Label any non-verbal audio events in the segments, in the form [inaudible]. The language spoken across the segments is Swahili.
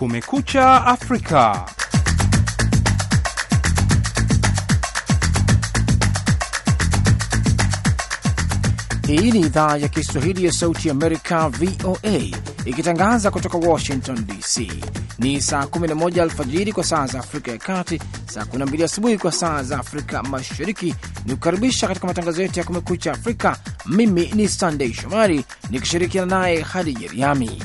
Kumekucha Afrika. Hii ni idhaa ya Kiswahili ya Sauti ya Amerika, VOA, ikitangaza kutoka Washington DC. Ni saa 11 alfajiri kwa saa za Afrika ya Kati, saa 12 asubuhi kwa saa za Afrika Mashariki. Ni kukaribisha katika matangazo yetu ya Kumekucha Afrika. Mimi ni Sandei Shomari nikishirikiana naye hadi jeriami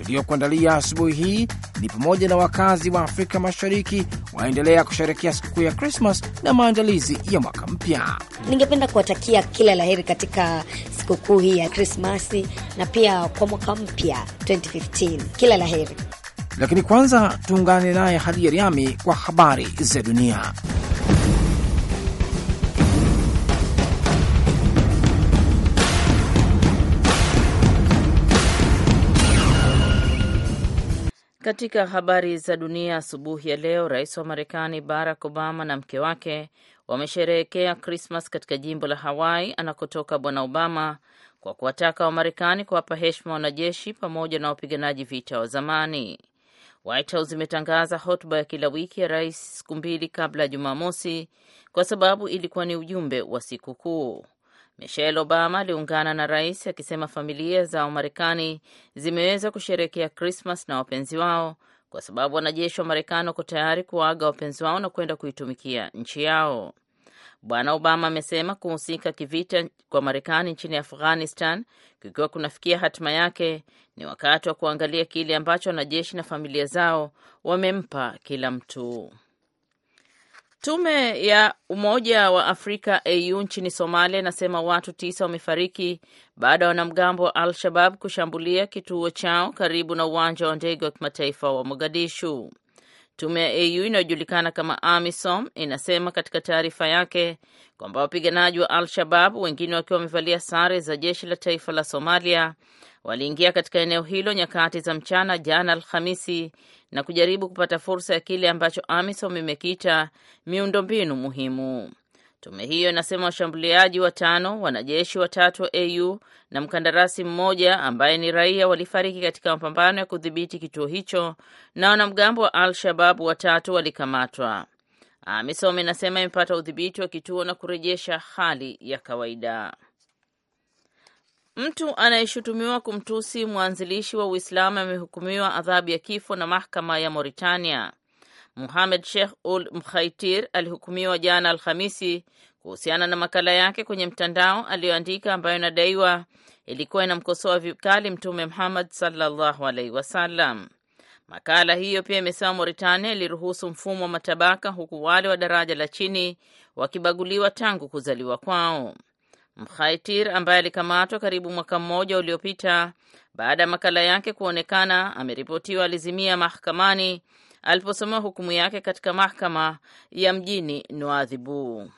iliyokuandalia asubuhi hii ni pamoja na wakazi wa Afrika Mashariki waendelea kusherekea sikukuu ya Krismas na maandalizi ya mwaka mpya. Ningependa kuwatakia kila la heri katika sikukuu hii ya Krismasi na pia kwa mwaka mpya 2015 kila la heri. Lakini kwanza tuungane naye Hadija Riami kwa habari za dunia. Katika habari za dunia asubuhi ya leo, rais wa Marekani Barack Obama na mke wake wamesherehekea Krismas katika jimbo la Hawaii anakotoka Bwana Obama kwa kuwataka Wamarekani kuwapa heshima wanajeshi pamoja na wapiganaji vita wa zamani. White House imetangaza hotuba ya kila wiki ya rais siku mbili kabla ya Jumamosi kwa sababu ilikuwa ni ujumbe wa sikukuu. Michelle Obama aliungana na rais akisema familia za Wamarekani zimeweza kusherehekea Krismas na wapenzi wao kwa sababu wanajeshi wa Marekani wako tayari kuwaaga wapenzi wao na kwenda kuitumikia nchi yao. Bwana Obama amesema kuhusika kivita kwa Marekani nchini Afghanistan kukiwa kunafikia hatima yake, ni wakati wa kuangalia kile ambacho wanajeshi na familia zao wamempa kila mtu. Tume ya Umoja wa Afrika AU nchini Somalia inasema watu tisa wamefariki baada ya wanamgambo wa Al-Shabab kushambulia kituo chao karibu na uwanja wa ndege wa kimataifa wa Mogadishu. Tume ya AU inayojulikana kama AMISOM inasema katika taarifa yake kwamba wapiganaji wa Al-Shabab, wengine wakiwa wamevalia sare za jeshi la taifa la Somalia, waliingia katika eneo hilo nyakati za mchana jana Alhamisi na kujaribu kupata fursa ya kile ambacho AMISOM miundo miundombinu muhimu. Tume hiyo inasema washambuliaji watano, wanajeshi watatu wa AU na mkandarasi mmoja ambaye ni raia walifariki katika mapambano ya kudhibiti kituo hicho na wanamgambo wa al shababu watatu walikamatwa. AMISOM inasema imepata udhibiti wa kituo na kurejesha hali ya kawaida. Mtu anayeshutumiwa kumtusi mwanzilishi wa Uislamu amehukumiwa adhabu ya kifo na mahakama ya Mauritania. Muhamed Sheikh Ul Mkhaitir alihukumiwa jana Alhamisi kuhusiana na makala yake kwenye mtandao aliyoandika ambayo inadaiwa ilikuwa inamkosoa vikali Mtume Muhammad sallallahu alaihi wasallam. Makala hiyo pia imesema Mauritania iliruhusu mfumo wa matabaka, huku wale wa daraja la chini wakibaguliwa tangu kuzaliwa kwao. Mkhaitir ambaye alikamatwa karibu mwaka mmoja uliopita baada ya makala yake kuonekana, ameripotiwa alizimia mahakamani aliposomewa hukumu yake katika mahakama ya mjini Nouadhibou.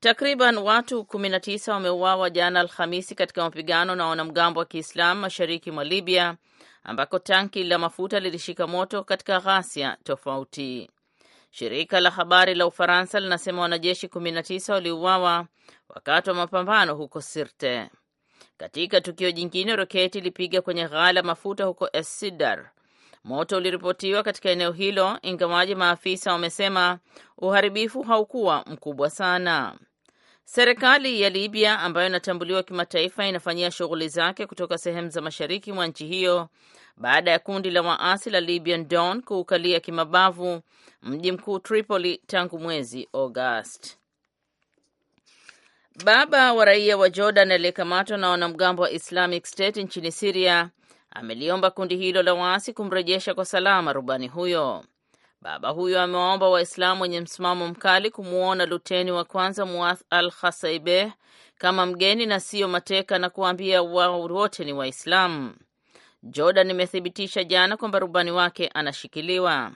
Takriban watu 19 wameuawa jana Alhamisi katika mapigano na wanamgambo wa Kiislamu mashariki mwa Libya ambako tanki la mafuta lilishika moto katika ghasia tofauti. Shirika la habari la Ufaransa linasema wanajeshi 19 waliuawa wakati wa mapambano huko Sirte. Katika tukio jingine, roketi ilipiga kwenye ghala mafuta huko Essidar. Moto uliripotiwa katika eneo hilo, ingawaji maafisa wamesema uharibifu haukuwa mkubwa sana. Serikali ya Libya ambayo inatambuliwa kimataifa inafanyia shughuli zake kutoka sehemu za mashariki mwa nchi hiyo baada ya kundi la waasi la Libyan Dawn kuukalia kimabavu mji mkuu Tripoli tangu mwezi Agosti. Baba wa raia wa Jordan aliyekamatwa na wanamgambo wa Islamic State nchini Siria ameliomba kundi hilo la waasi kumrejesha kwa salama rubani huyo. Baba huyo amewaomba Waislamu wenye msimamo mkali kumwona luteni wa kwanza Muath al Khasaibeh kama mgeni na siyo mateka na kuwaambia wao wote ni Waislamu. Jordan imethibitisha jana kwamba rubani wake anashikiliwa.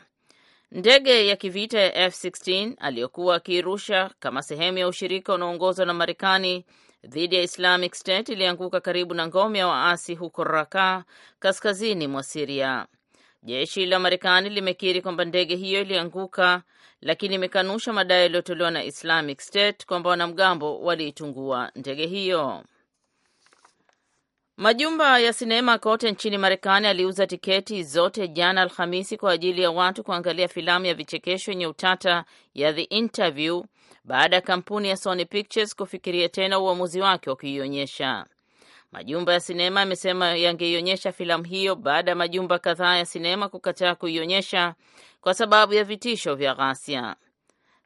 Ndege ya kivita ya F16 aliyokuwa akiirusha kama sehemu ya ushirika unaoongozwa na Marekani dhidi ya Islamic State ilianguka karibu na ngome ya waasi huko Raka, kaskazini mwa Siria. Jeshi la Marekani limekiri kwamba ndege hiyo ilianguka, lakini imekanusha madai yaliyotolewa na Islamic State kwamba wanamgambo waliitungua ndege hiyo. Majumba ya sinema kote nchini Marekani aliuza tiketi zote jana Alhamisi kwa ajili ya watu kuangalia filamu ya vichekesho yenye utata ya The Interview baada ya kampuni ya Sony Pictures kufikiria tena uamuzi wake wa kuionyesha. Majumba ya sinema yamesema yangeionyesha filamu hiyo baada ya majumba kadhaa ya sinema kukataa kuionyesha kwa sababu ya vitisho vya ghasia.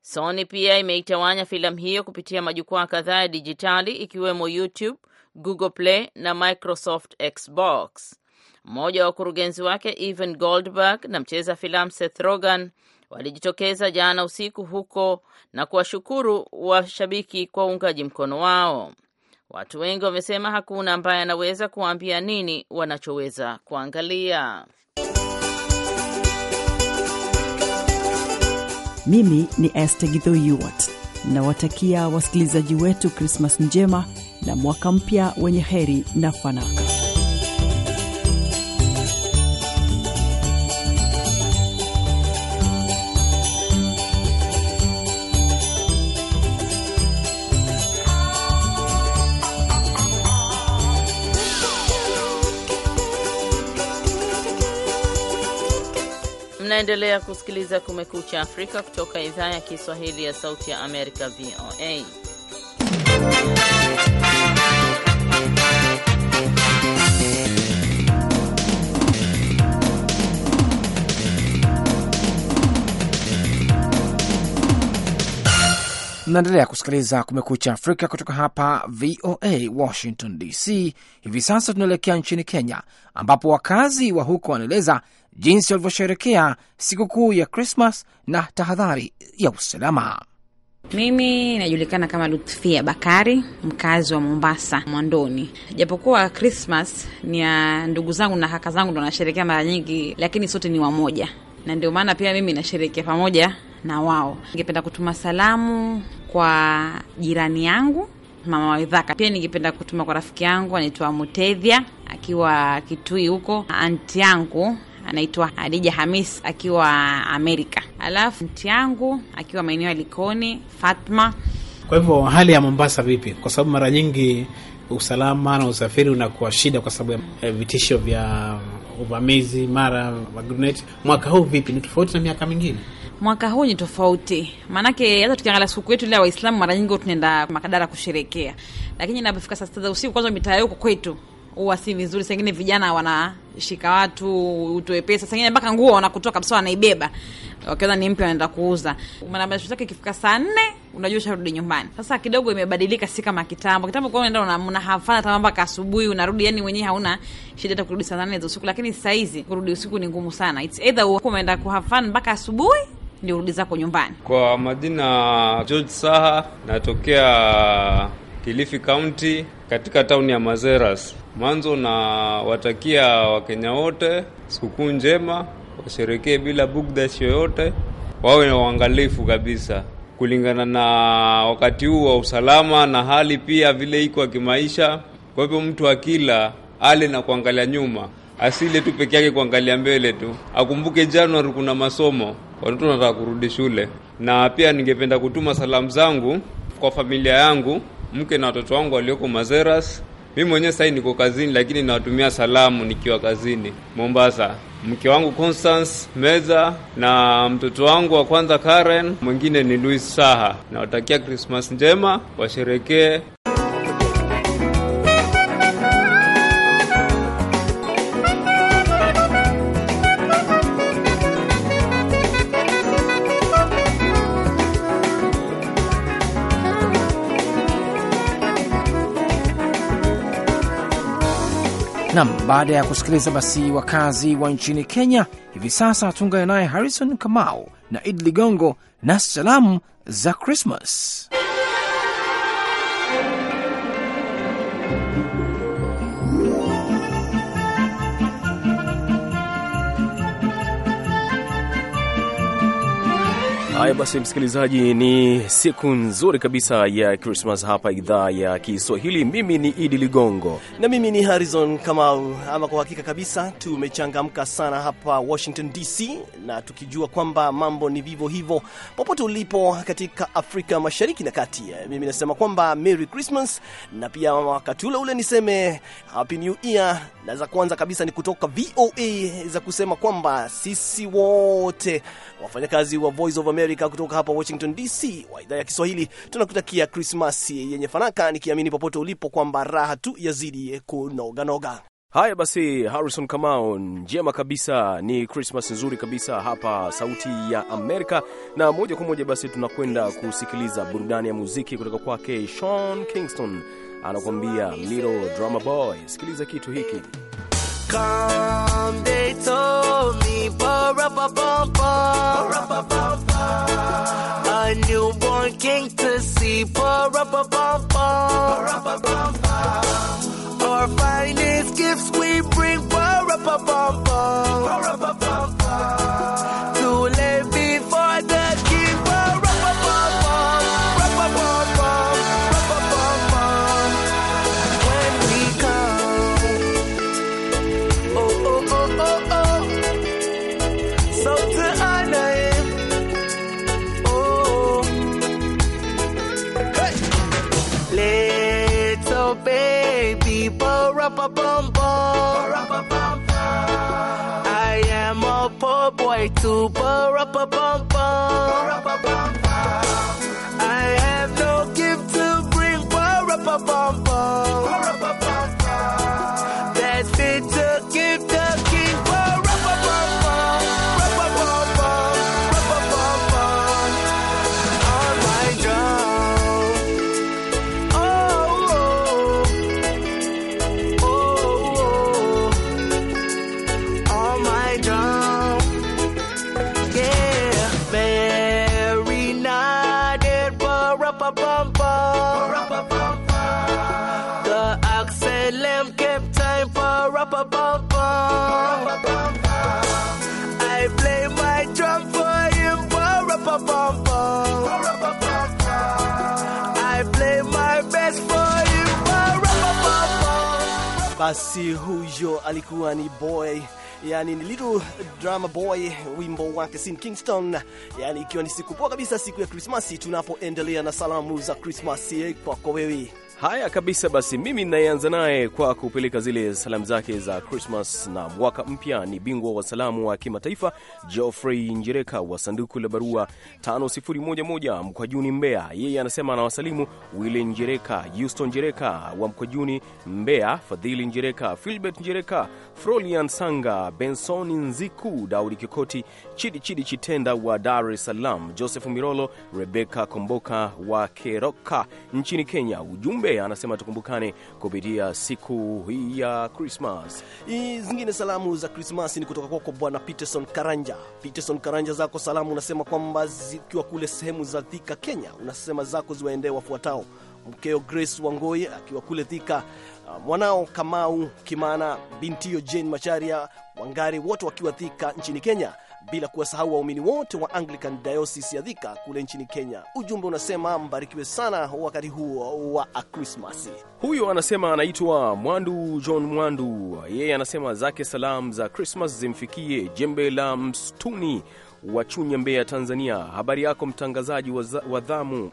Sony pia imeitawanya filamu hiyo kupitia majukwaa kadhaa ya dijitali ikiwemo YouTube, Google Play na Microsoft Xbox. Mmoja wa wakurugenzi wake Evan Goldberg na mcheza filamu Seth Rogen walijitokeza jana usiku huko na kuwashukuru washabiki kwa uungaji mkono wao. Watu wengi wamesema hakuna ambaye anaweza kuwaambia nini wanachoweza kuangalia. Mimi ni Esther Githoyuwat, nawatakia wasikilizaji wetu Krismas njema na mwaka mpya wenye heri na fanaka. Unaendelea kusikiliza Kumekucha Afrika kutoka idhaa ya Kiswahili ya Sauti ya Amerika, VOA. Naendelea kusikiliza Kumekucha Afrika kutoka hapa VOA Washington DC. Hivi sasa tunaelekea nchini Kenya, ambapo wakazi wa huko wanaeleza jinsi walivyosherekea sikukuu ya Krismas na tahadhari ya usalama. Mimi najulikana kama Lutfia Bakari, mkazi wa Mombasa Mwandoni. Japokuwa Krismas ni ya ndugu zangu na kaka zangu ndo nasherekea mara nyingi, lakini sote ni wamoja, na ndio maana pia mimi nasherekea pamoja na wao. Ningependa kutuma salamu kwa jirani yangu mama wa Pia ningependa kutuma kwa rafiki yangu anaitwa Mutedhia akiwa Kitui huko, anti yangu anaitwa Adija Hamis akiwa Amerika, alafu mti yangu akiwa maeneo ya Likoni, Fatma. Kwa hivyo hali ya Mombasa vipi? Kwa sababu mara nyingi usalama na usafiri unakuwa shida kwa sababu ya eh, vitisho vya uvamizi mara maguruneti. Mwaka huu vipi? Ni tofauti na miaka mingine? Mwaka huu ni tofauti, maanake hata tukiangalia siku yetu ile ya Waislamu, mara nyingi tunaenda Makadara kusherekea, lakini inapofika saa sita za usiku, kwanza mitaa huko kwetu huwa si vizuri. Sengine vijana wanashika watu, utoe pesa, sengine mpaka nguo wanakutoa kabisa, wanaibeba wakiweza ni mpya wanaenda kuuza. Manabashi zake ikifika saa nne unajua usharudi nyumbani. Sasa kidogo imebadilika, si kama kitambo. Kitambo kwa unaenda una, una hafana tama mpaka asubuhi unarudi, yani mwenyewe hauna shida hata kurudi saa nane za usiku, lakini sasa hizi kurudi usiku ni ngumu sana. It's either uko umeenda kuhafana mpaka asubuhi ndio rudi zako nyumbani. Kwa majina George Saha, natokea Kilifi County katika tauni ya Mazeras. Mwanzo na watakia Wakenya wote sikukuu njema, washerekee bila bugdhash yoyote, wawe na uangalifu kabisa kulingana na wakati huu wa usalama na hali pia vile iko ya kimaisha. Kwa hivyo mtu akila ale na kuangalia nyuma, asile tu peke yake, kuangalia mbele tu. Akumbuke Januari kuna masomo, watoto nataka kurudi shule. Na pia ningependa kutuma salamu zangu kwa familia yangu mke na watoto wangu walioko Mazeras. Mimi mwenyewe sasa niko kazini, lakini nawatumia salamu nikiwa kazini Mombasa. Mke wangu Constance Meza na mtoto wangu wa kwanza Karen, mwingine ni Louis Saha. Nawatakia Christmas njema, washerekee. Nam, baada ya kusikiliza basi wakazi wa nchini Kenya, hivi sasa tuungane naye Harrison Kamau na Id Ligongo na salamu za crismas Haya basi, msikilizaji, ni siku nzuri kabisa ya Krismas hapa idhaa ya Kiswahili. Mimi ni Idi Ligongo na mimi ni Harrison Kamau. Ama kwa hakika kabisa tumechangamka sana hapa Washington DC, na tukijua kwamba mambo ni vivyo hivyo popote ulipo katika Afrika Mashariki na Kati. Mimi nasema kwamba Merry Christmas, na pia wakati ule ule niseme Happy New Year, na za kwanza kabisa ni kutoka VOA za kusema kwamba sisi wote wafanyakazi wa Voice of America Amerika kutoka hapa Washington DC wa idhaa ya Kiswahili. Tunakutakia Krismasi yenye fanaka, nikiamini popote ulipo kwamba raha tu yazidi kunoganoga. Haya basi, Harrison Kamau, njema kabisa, ni Christmas nzuri kabisa hapa Sauti ya Amerika. Na moja kwa moja basi tunakwenda kusikiliza burudani ya muziki kutoka kwake Sean Kingston, anakuambia Little Drama Boy. Sikiliza kitu hiki. come, they told me, ba ra ba ba ba. A newborn king to see, ba ra ba ba ba. Our finest gifts we bring, ba ra ba ba ba. I am a poor boy too. Ba-ra-ba-bum-bum. Ba-ra-ba-bum-bum. I play my drum for him. I play my best for him. Basi huyo alikuwa ni boy Yani ni little drama boy, wimbo wake Sin Kingston, yani ikiwa ni siku poa kabisa, siku ya Krismasi, tunapoendelea na salamu za Krismasi eh, kwako wewe. Haya kabisa, basi mimi ninayeanza naye kwa kupeleka zile salamu zake za Krismas na mwaka mpya ni bingwa wa salamu wa kimataifa Geoffrey Njireka wa sanduku la barua 5011 Mkwajuni, Mbeya. Yeye anasema anawasalimu Wile Njireka, Houston Njireka wa Mkwajuni, Mbeya, Fadhili Njireka, Filbert Njireka, Frolian Sanga, Benson Nziku, Daudi Kikoti, Chidi Chidi Chitenda wa Dar es Salaam, Joseph Mirolo, Rebeka Komboka wa Keroka nchini Kenya. Ujumbe Andrea anasema tukumbukane kupitia siku hii ya Krismas. Zingine salamu za Krismas ni kutoka kwako Bwana Peterson Karanja. Peterson Karanja, zako salamu unasema kwamba zikiwa kule sehemu za Thika, Kenya, unasema zako ziwaendee wafuatao mkeo Grace Wangoi akiwa kule Thika, uh, mwanao Kamau Kimana, bintio Jane Macharia Wangari, wote wakiwa Thika nchini Kenya bila kuwasahau waumini wote wa Anglican Diocese ya Thika kule nchini Kenya. Ujumbe unasema mbarikiwe sana wakati huo wa Krismasi. Huyo anasema anaitwa Mwandu John Mwandu, yeye anasema zake salam za Krismas zimfikie jembe la mstuni Wachunya, Mbeya, Tanzania. Habari yako mtangazaji wa dhamu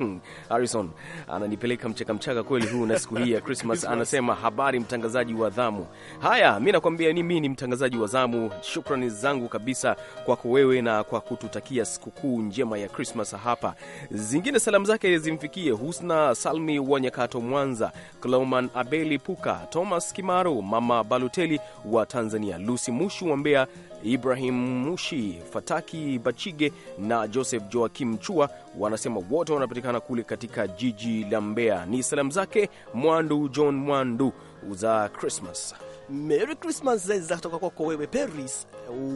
mm. [laughs] Harrison ananipeleka mchaka mchaka kweli huu na siku hii ya [laughs] Christmas. Anasema habari mtangazaji wa dhamu. Haya, mi nakwambia ni mimi ni mtangazaji wa zamu. Shukrani zangu kabisa kwako wewe na kwa kututakia sikukuu njema ya Christmas. Hapa zingine salamu zake zimfikie Husna Salmi wa Nyakato, Mwanza, Klauman Abeli Puka, Thomas Kimaro, Mama Baluteli wa Tanzania, Lusi Mushu wa Mbeya, Ibrahim Mushi, Fataki Bachige na Joseph Joakim Chua wanasema wote wanapatikana kule katika jiji la Mbeya. Ni salamu zake Mwandu John Mwandu za Christmas. Merry Christmas za kutoka kwako wewe Paris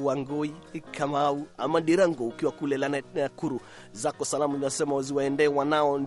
Wangoi Kamau Amadirango, ukiwa kule la Nakuru. Zako salamu inasema waziwaendee wanao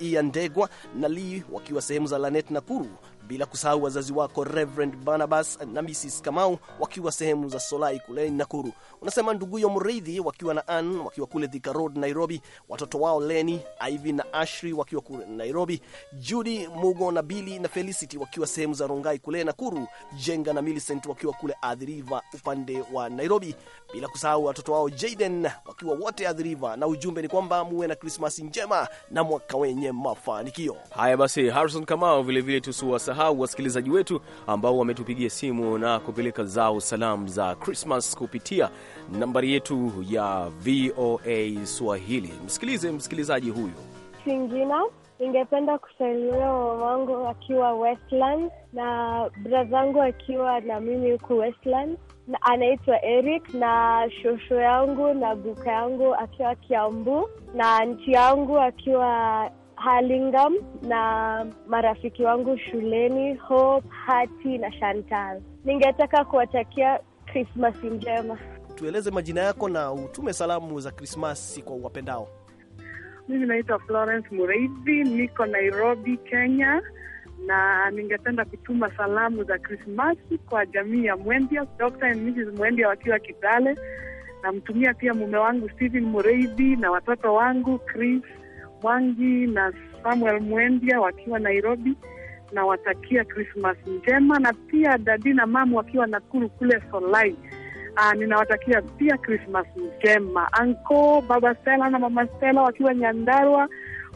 Iya Ndegwa na Lii wakiwa sehemu za Lanet Nakuru bila kusahau wazazi wako Reverend Barnabas na Mrs Kamau wakiwa sehemu za Solai kule Nakuru. Unasema nduguyo Mridhi wakiwa na Ann wakiwa kule Thika Road Nairobi, watoto wao Leni, Ivy na Ashri wakiwa kule Nairobi, Judy Mugo na Billy na Felicity wakiwa sehemu za Rongai kule Nakuru, Jenga na Millicent wakiwa kule Adhiriva upande wa Nairobi, bila kusahau watoto wao Jaden wakiwa wote Adhiriva. na ujumbe ni kwamba muwe na Krismasi njema na mwaka wenye mafanikio. Haya basi, Harrison Kamau vilevile tusiwasahau kusahau wasikilizaji wetu ambao wametupigia simu na kupeleka zao salamu za Krismas kupitia nambari yetu ya VOA Swahili. Msikilize msikilizaji huyu Singina. Ningependa kusalimia mamangu akiwa Westland na brazangu akiwa na mimi huku Westland, na anaitwa Eric na shosho yangu na guka yangu akiwa Kiambu na nchi yangu akiwa Halingam na marafiki wangu shuleni Hope, Hati na Chantal. Ningetaka kuwatakia Krismasi njema. Tueleze majina yako na utume salamu za Krismasi kwa uwapendao. Mimi naitwa Florence Mureithi, niko Nairobi, Kenya, na ningependa kutuma salamu za Krismasi kwa jamii ya Mwendia, Dr. and Mrs. Mwendia wakiwa Kitale. Namtumia pia mume wangu Stephen Mureithi na watoto wangu Chris Mwangi na Samuel Mwendya wakiwa Nairobi, na watakia Christmas njema, na pia dadi na mamu wakiwa Nakuru kule Solai. Uh, ninawatakia pia Christmas njema. Anko baba Stella na mama Stella wakiwa Nyandarua,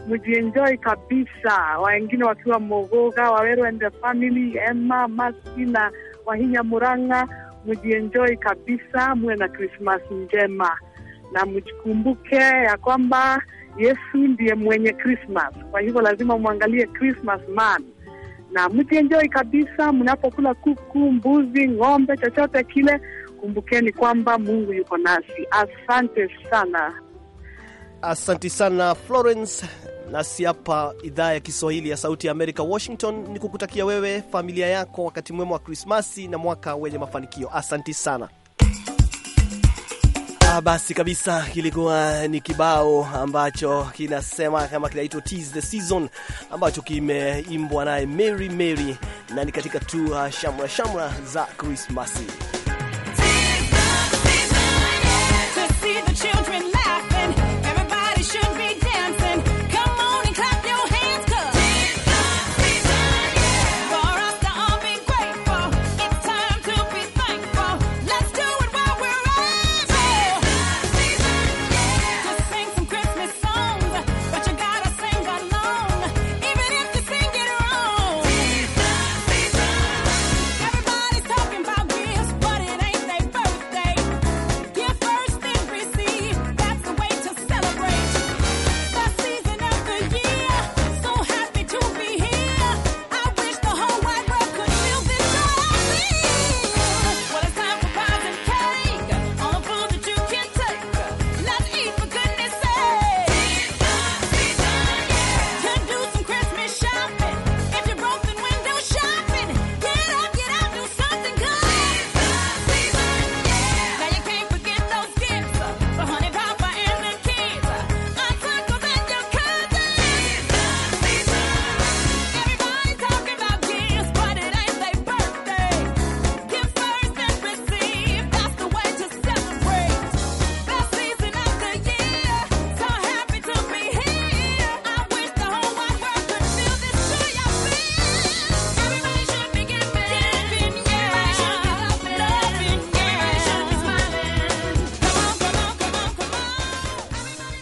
mujienjoy kabisa. Wengine wakiwa Mogoga, Waweru and the family, Emma maski na Wahinya Muranga, mujienjoy kabisa, muwe na Christmas njema na mjikumbuke ya kwamba Yesu ndiye mwenye Christmas, kwa hivyo lazima mwangalie Christmas man na mjienjoy kabisa. Mnapokula kuku, mbuzi, ng'ombe, chochote kile, kumbukeni kwamba Mungu yuko nasi. Asante sana, asante sana Florence. Nasi hapa idhaa ya Kiswahili ya Sauti ya Amerika, Washington, ni kukutakia wewe, familia yako wakati mwema wa Krismasi na mwaka wenye mafanikio. Asanti sana. Ah, basi kabisa, kilikuwa ni kibao ambacho kinasema kama kinaitwa Tis the Season ambacho kimeimbwa naye Mary Mary, na ni katika tu ah, shamra shamra za Krismasi.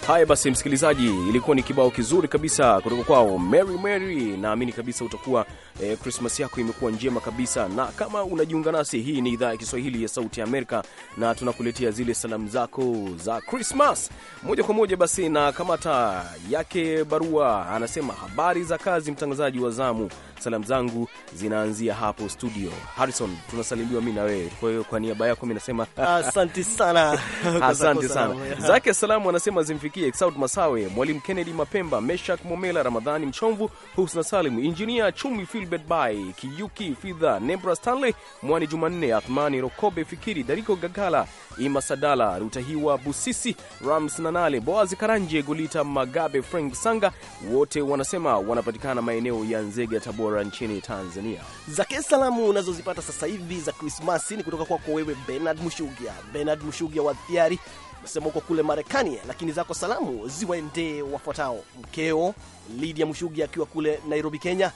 Haya basi, msikilizaji, ilikuwa ni kibao kizuri kabisa kutoka kwao Mary Mary. Naamini kabisa utakuwa eh, Christmas yako imekuwa njema kabisa, na kama unajiunga nasi, hii ni idhaa ya Kiswahili ya Sauti ya Amerika na tunakuletea zile salamu zako za Christmas moja kwa moja. Basi na kamata yake barua, anasema habari za kazi, mtangazaji wa zamu, salamu zangu zinaanzia hapo studio. Harrison, tunasalimiwa mi na wewe, kwa hiyo kwa niaba yako mimi nasema asante sana, [laughs] asante sana. Zake salamu anasema zimfikia walioshirikia Exaud Masawe, Mwalimu Kennedy Mapemba, Meshak Momela, Ramadhani Mchomvu, Husna Salim, Injinia Chumi, Filbert Bai, Kiyuki Fidha, Nebra Stanley, Mwani Jumanne, Athmani Rokobe, Fikiri Dariko, Gagala Ima Sadala, Rutahiwa Busisi, Rams Nanale, Boazi Karanje, Gulita Magabe, Frank Sanga, wote wanasema wanapatikana maeneo ya Nzega Tabora nchini Tanzania. Zake salamu unazozipata sasa hivi za Krismasi ni kutoka kwako wewe Bernard Mushugia, Bernard Mushugia wa Thiari Nasema huko kule Marekani, lakini zako salamu ziwaendee wafuatao: mkeo Lydia Mushugi akiwa kule Nairobi, Kenya,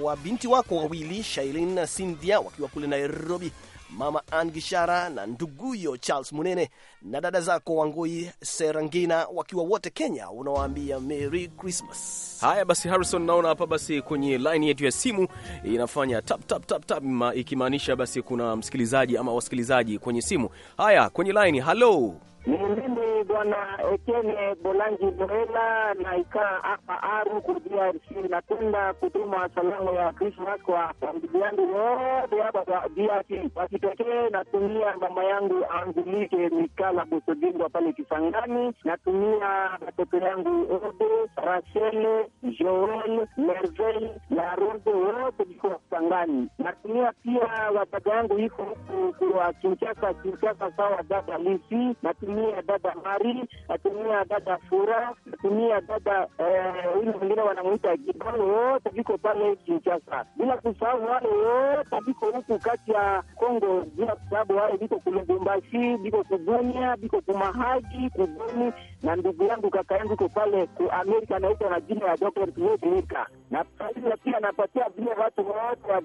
wa binti wako wawili Shailin na Cynthia wakiwa kule Nairobi, mama Angishara na nduguyo Charles Munene na dada zako Wangoi Serangina wakiwa wote Kenya, unawaambia Merry Christmas. Haya basi, Harrison, naona hapa basi kwenye line yetu ya simu inafanya tap tap tap tap, ikimaanisha basi kuna msikilizaji ama wasikilizaji kwenye simu. Haya, kwenye line, hello ni mimi bwana Etienne Bolangi na ikaa hapa Aru ku DRC. Napenda kutuma salamu ya Krismas kwa familia yangu yote hapa kwa DRC. Kwa kipekee natumia mama yangu Angulike Mikala Bosogingwa pale Kisangani, natumia watoto yangu Ode, Rachele, Joel, Merveille na Rode wote viko Kisangani. Natumia pia wabaga yangu iko huku kwa Kinshasa, Kinshasa sawa dada Lisi, natumia atumia dada Mari, atumia dada Fura, atumia dada eh, huyu mwingine wanamuita Gidon, wote viko pale Kinshasa, bila kusahau wale wote viko huku kati ya Kongo, bila kusahau wale viko Kulubumbashi, viko Kubunia, viko Kumahaji, Kubuni na ndugu yangu kaka yangu iko pale ku Amerika anaitwa na jina ya Dr. Kiweka, na pia anapatia vile watu wote wa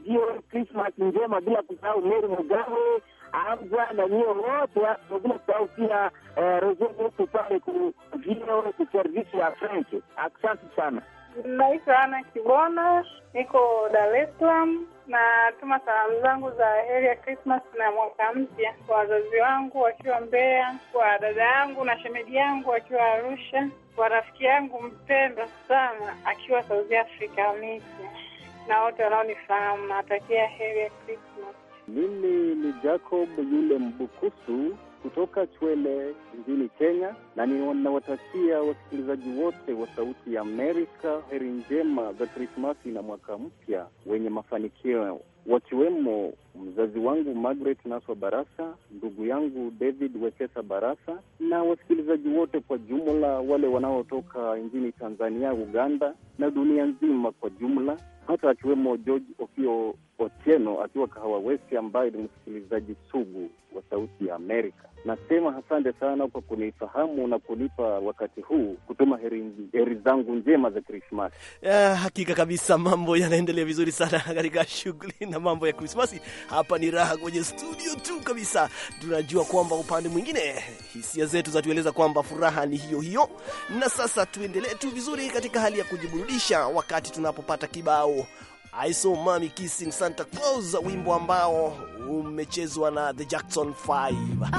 Christmas njema, bila kusahau Meri Mugawe abwa na nyie wote wengine bila pia yetu pale ku video ku service ya French. Asante sana. Naitwa Ana Kibona, niko Dar es Salaam. Natuma salamu zangu za heri ya Krismas na mwaka mpya kwa wazazi wangu wakiwa Mbeya, kwa dada yangu na shemeji yangu akiwa Arusha, kwa rafiki yangu mpendwa sana akiwa South Africa, Misi, na wote wanaonifahamu. Natakia heri ya Krismas. Mimi ni Jacob yule Mbukusu kutoka Chwele nchini Kenya, na ninawatakia wasikilizaji wote wa Sauti ya Amerika heri njema za Krismasi na mwaka mpya wenye mafanikio, wakiwemo mzazi wangu Margaret Naswa Barasa, ndugu yangu David Wekesa Barasa na wasikilizaji wote kwa jumla, wale wanaotoka nchini Tanzania, Uganda na dunia nzima kwa jumla, hata akiwemo George Ofio Otieno akiwa Kahawa West, ambaye ni msikilizaji sugu wa Sauti ya Amerika. Nasema asante sana kwa kunifahamu na kunipa wakati huu kutuma heri, heri zangu njema za Krismasi. Yeah, hakika kabisa mambo yanaendelea vizuri sana [laughs] katika shughuli na mambo ya Krismasi. Hapa ni raha kwenye studio tu kabisa. Tunajua kwamba upande mwingine hisia zetu zatueleza kwamba furaha ni hiyo hiyo, na sasa tuendelee tu vizuri katika hali ya kujiburudisha wakati tunapopata kibao I Saw Mommy Kissing Santa Claus, wimbo ambao umechezwa na The Jackson 5.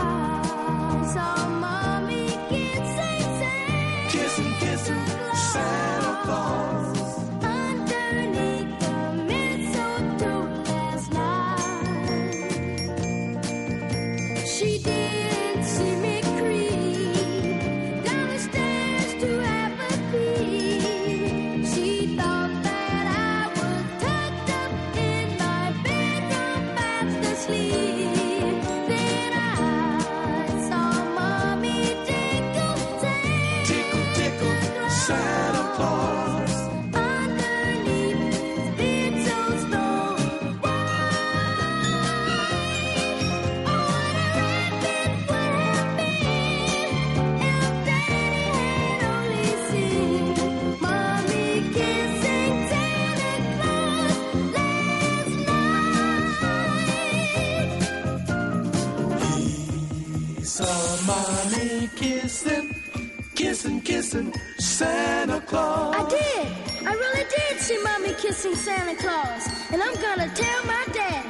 kissing Santa Claus. I did. I really did see Mommy kissing Santa Claus. And I'm gonna tell my dad.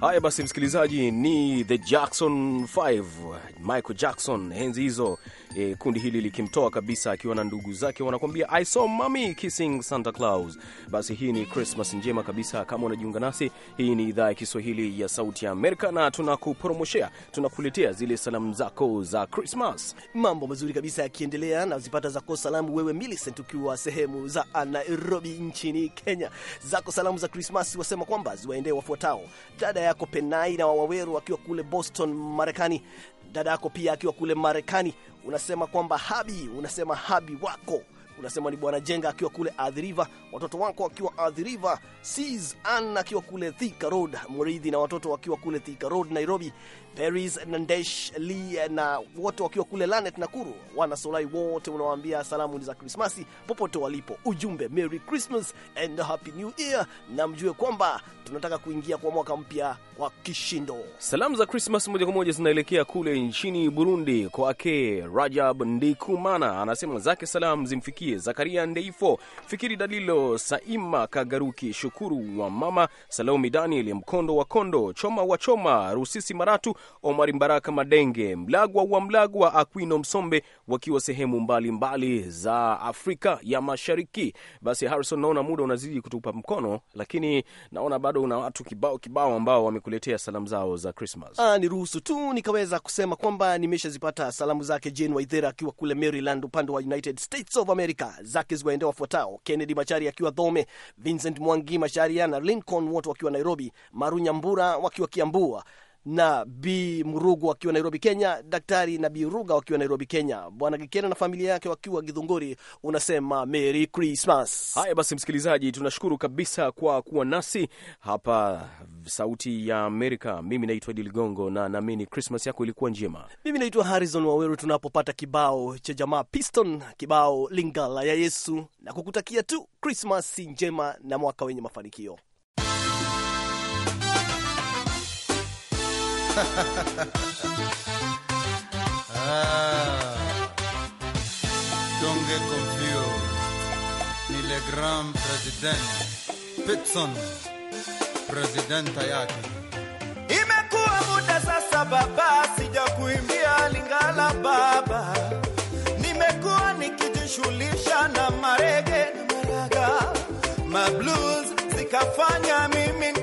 Haya basi, msikilizaji, ni The Jackson 5 Michael Jackson enzi hizo, e, kundi hili likimtoa kabisa akiwa na ndugu zake wanakuambia I saw mommy kissing Santa Claus. Basi hii ni Christmas njema kabisa. Kama unajiunga nasi, hii ni idhaa ya Kiswahili ya Sauti ya Amerika na tunakupromoshea, tunakuletea zile salamu zako za Christmas. Mambo mazuri kabisa yakiendelea na zipata zako salamu wewe Millicent ukiwa sehemu za Nairobi nchini Kenya. Zako salamu za Christmas wasema kwamba ziwaendee wafuatao: dada yako Penai na Wawaweru wakiwa kule Boston Marekani, dada yako pia akiwa kule Marekani, unasema kwamba habi, unasema habi wako unasema ni bwana Jenga akiwa kule Athi watoto wako akiwa Athi Sis Ann akiwa kule Thika Road, Mridhi na watoto wakiwa kule Thika Road Nairobi, Paris Nandesh Lee na wote wakiwa kule Lanet Nakuru, wana Solai wote unawaambia salamu za Krismasi popote walipo. Ujumbe Merry Christmas and Happy New Year, na mjue kwamba tunataka kuingia kwa mwaka mpya kwa kishindo. Salamu za Krismas moja kwa moja zinaelekea kule nchini Burundi kwake Rajab Ndikumana, anasema zake salamu zimfikie Zakaria Ndeifo, Fikiri Dalilo, Saima Kagaruki, Shukuru wa mama salomi Daniel Mkondo wa Kondo, Choma wa Choma, Rusisi Maratu Omar Mbaraka Madenge, Mlagwa wa Mlagwa, Aquino Msombe wakiwa sehemu mbalimbali mbali za Afrika ya Mashariki. Basi Harrison, naona muda unazidi kutupa mkono, lakini naona bado una watu kibao kibao ambao wamekuletea salamu zao za Christmas. Ah, niruhusu tu nikaweza kusema kwamba nimeshazipata salamu zake Jane Waithera akiwa kule Maryland upande wa United States of America, zake ziwaendea wafuatao: Kennedy Machari akiwa Dhome, Vincent Mwangi Macharia na Lincoln wote wakiwa Nairobi, Maru Nyambura wakiwa Kiambua na B Mrugu wakiwa Nairobi, Kenya, Daktari na B Ruga wakiwa Nairobi, Kenya, Bwana Gikena na familia yake wakiwa Githunguri. Unasema Merry Christmas. Haya basi, msikilizaji, tunashukuru kabisa kwa kuwa nasi hapa Sauti ya Amerika. Mimi naitwa Idi Ligongo na naamini Christmas yako ilikuwa njema. Mimi naitwa Harrison Waweru, tunapopata kibao cha jamaa Piston, kibao Lingala ya Yesu, na kukutakia tu Christmas njema na mwaka wenye mafanikio. donge ah. don't get confused. Ni le grand president Pitson, presidenta yake. Imekuwa muda sasa baba, sijakuimbia Lingala baba, nimekuwa nikijishughulisha na marege na maraga, mablues zikafanya mimi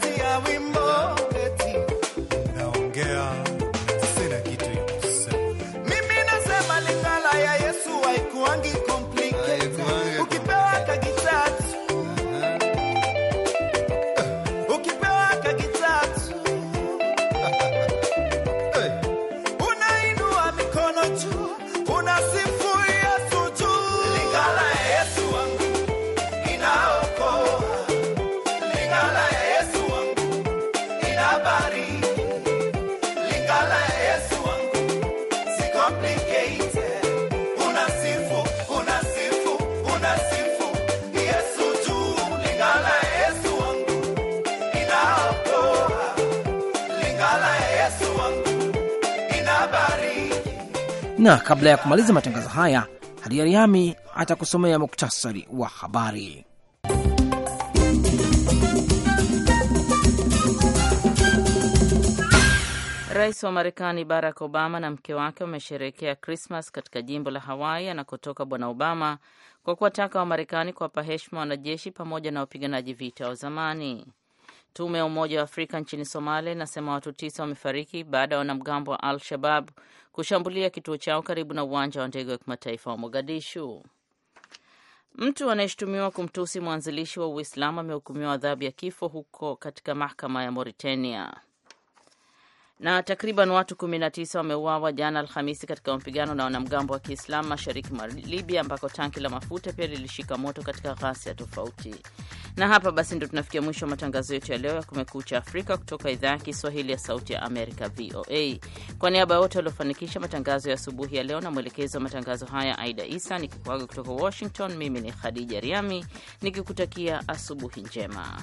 Katia, we Na kabla ya kumaliza matangazo haya, Hadiariami atakusomea muktasari wa habari. Rais wa Marekani Barack Obama na mke wake wamesherehekea Krismas katika jimbo la Hawaii anakotoka Bwana Obama kwa kuwataka Wamarekani kuwapa heshima wanajeshi pamoja na wapiganaji vita wa zamani. Tume ya Umoja wa Afrika nchini Somalia inasema watu tisa wamefariki baada ya wanamgambo wa Al Shabab kushambulia kituo chao karibu na uwanja wa ndege wa kimataifa wa Mogadishu. Mtu anayeshutumiwa kumtusi mwanzilishi wa Uislamu amehukumiwa adhabu ya kifo huko katika mahakama ya Mauritania na takriban watu 19 wameuawa jana Alhamisi katika mapigano na wanamgambo wa Kiislamu mashariki mwa Libya, ambako tanki la mafuta pia lilishika moto katika ghasia tofauti. Na hapa basi ndo tunafikia mwisho wa matangazo yetu ya leo ya Kumekucha Afrika kutoka idhaa ya Kiswahili ya Sauti ya Amerika, VOA. Kwa niaba ya wote waliofanikisha matangazo ya asubuhi ya leo na mwelekezi wa matangazo haya Aida Isa, nikikuaga kutoka Washington, mimi ni Khadija Riami nikikutakia asubuhi njema.